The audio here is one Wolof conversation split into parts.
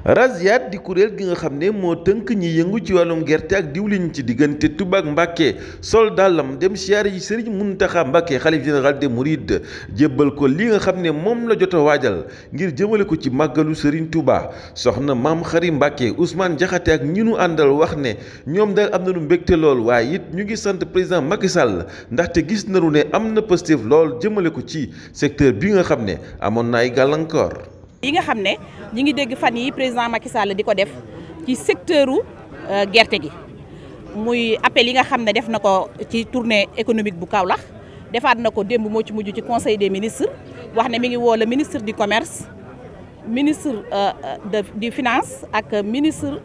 Rasiat di kuréel gi nga xam ne moo tënk ñi yëngu ci wàllum gerte ak diwlin ci diggante Touba ak Mbàkke sol dàllam dem siyaar yi Sëriñ Muntaxa Mbàkke xalif général des Mourides jébbal ko li nga xam ne moom la joto waajal ngir jëmale ko ci màggalu Sëriñ Touba soxna maam Xari Mbàkke Ousmane Jaxate ak ñi nu àndal wax ne ñoom daal am nañu mbégte lool waaye it ñu ngi sant président Macky Sall ndaxte gis nañu ne am na positif lool jëmale ko ci secteur bi nga xam ne amoon na ay gàllankoor yi nga xam ne ñi ngi dégg fan yi président Macky Sall di ko def ci secteuru euh, gerte gi muy appel yi nga xam ne def na ko ci tournée économique bu Kaolack defaat na ko démb moo ci mujj ci conseil des ministres wax ne mi ngi woo ministre du commerce ministre euh, euh, de du finance ak ministre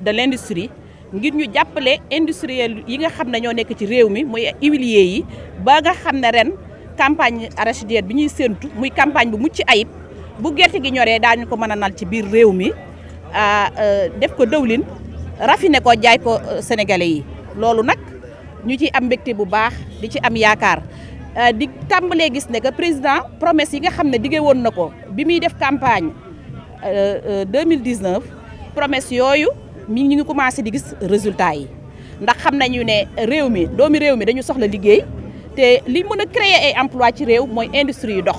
de l' ngir ñu jàppale industriel yi nga xam ne ñoo nekk ci réew mi muy huilier yi ba nga xam ne ren campagne arachidière bi ñuy séentu muy campagne bu mucc ayib bu gerte gi ñoree daañu ko mën a nal ci biir réew mi ah, euh, def ko dëwlin raffiné ko jaay ko euh, sénégalais yi loolu nag ñu ci am mbégte bu baax di ci am yaakaar euh, di tàmbalee gis ne que président promesse yi nga xam ne diggé woon na ko bi muy def campagne 2019 promesse yooyu mi ñu ngi commencé di gis résultat yi ndax xam nañu ne réew mi doomi réew mi dañu soxla liggéey te li mën a créer emploi ci réew mooy industrie yu dox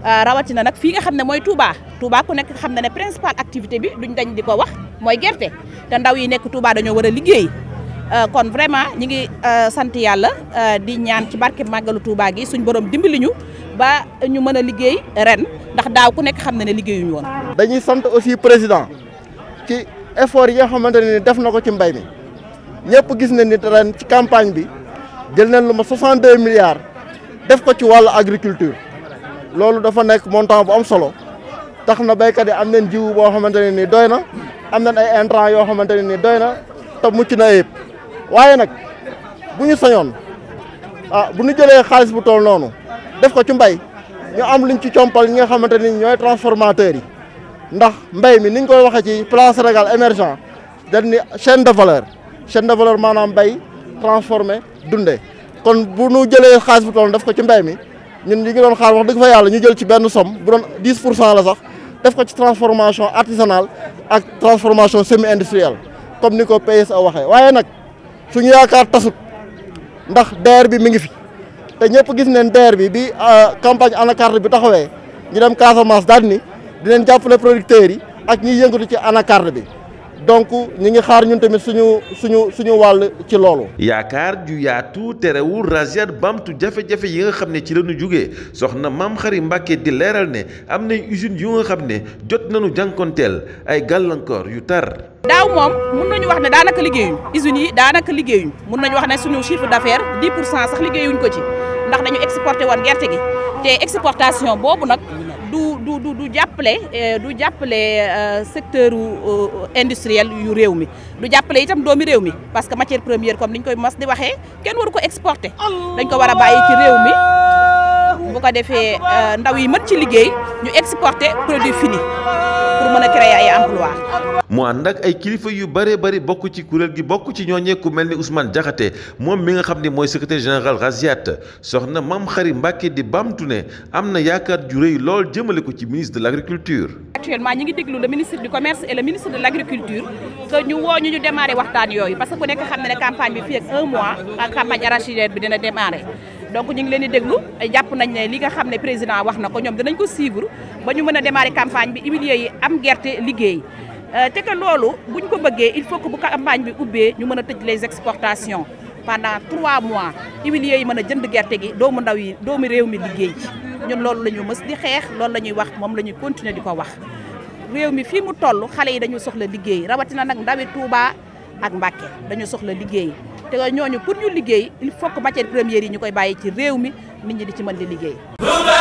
Euh, rawatina nak fi nga xamne moy Touba Touba ku nek xamne na principal activité bi duñ dañ di wax moy gerte te ndaw yi nek Touba dañu wara liggéey euh, kon vraiment ñi ngi euh, sant yalla di ñaan ci barké magalu Touba gi suñ borom dimbali ñu ba ñu mëna liggéey ren ndax daaw ku nek xamne na liggéeyu ñu won dañuy sant aussi président ci effort yi nga xamante ne def nako ci mbay mi ñepp gis na ni ci campagne bi jël na luma 62 milliards def ko ci agriculture. loolu dafa nekk montant bu am solo tax na béykat yi am nañ jiwu boo xamante ne nii doy na am nañ ay intrants yoo xamante ne nii doy na te mucc na yëpp waaye nag bu ñu sañoon ah bu nu jëlee xaalis bu tool noonu def ko ci mbay ñu am luñ ci compal ñi nga xamante ni ñooy transformateurs yi ndax mbay mi niñ koy waxee ci plan Sénégal émergent dañ ni chaîne de valeur chaîne de valeur maanaam mbay transformé dunde kon bu ñu jëlee xaalis bu toll def ko ci mbay mi ñun ñu ngi doon xaar wax dëgg fa yàlla ñu jël ci benn somme bu doon 10 pour cent la sax def ko ci transformation artisanale ak transformation semi industrielle comme ni ko PSA waxee waaye nag suñu yaakaar tasut ndax DER bi mi ngi fi te ñëpp gis neen DER bi bi euh, campagne anacarde bi taxawee ñu dem Casamance daal ni dinañ jàppale producteurs yi ak ñiy yëngatu ci anacarde bi. donc ñi ngi xaar ñun tamit suñu suñu suñu wàll ci loolu. yaakaar ju yaatu terewul Rasiat bamtu jafe-jafe yi nga xam ne ci la ñu jógee soxna maam Xari Mbàkke di leeral ne am na usines yu nga xam ne jot nañu jànkonteel ay gàllankoor yu tar. daaw moom mun nañu wax ne daanaka liggéeyuñ usines yi daanaka liggéeyuñ mun nañu wax ne suñu chiffre d'affaires 10 pour cent sax liggéeyuñu ko ci ndax dañu exporté woon gerte gi te exportation boobu nag. du du du du jàppale euh, du jàppale euh, secteur euh, industriel yu réew mi du jàppale itam doomi réew parce que matière première comme niñ koy mas di waxee kenn waru ko exporter dañ ko war a bàyyi ci réew mi bu ko defee ndaw yi mën ci liggéey ñu exporter produit fini créer ay emploi mu ànd ak ay kilifa yu bëree bëri bokk ci kuréel gi bokk ci ñooñee ku mel ni Ousmane jaxate moom mi nga xam ni mooy secrétaire général Raziat soxna Mame Khary Mbacké di bamtu ne am na yaakaar ju rëy lool jëmale ko ci ministre de l'agriculture. actuellement ñi ngi déglu le ministre du commerce et le ministre de l'agriculture que ñu woo ñu ñu démarrer waxtaan yooyu parce que ku nekk xam na ne campagne bi fii ak un mois ak campagne arachidière bi dina démarrer donc ñu ngi leen di déglu jàpp nañ li nga xam ne président wax na ko ñoom dinañ ko suivre. ba ñu mën demari démarrer campagne bi huiliers yi am gerte liggéey euh, te que loolu bu buñ ko bëggee il faut que bu campagne bi ubbee ñu mën a tëj les exportations pendant trois mois huiliers yi mën a jënd gerte gi doomu ndaw yi doomu réew mi liggéey ñun loolu la ñu mës di xeex loolu la ñuy wax moom la ñuy continuer di ko wax réew mi fii mu toll xale yi dañu soxla liggéey rawatina nag ndawi Touba ak Mbacké dañu soxla liggéey te ñoo ñu pour ñu liggéey il faut que matière yi ñu koy bàyyi ci réew mi nit ñi di ci mën di liggéey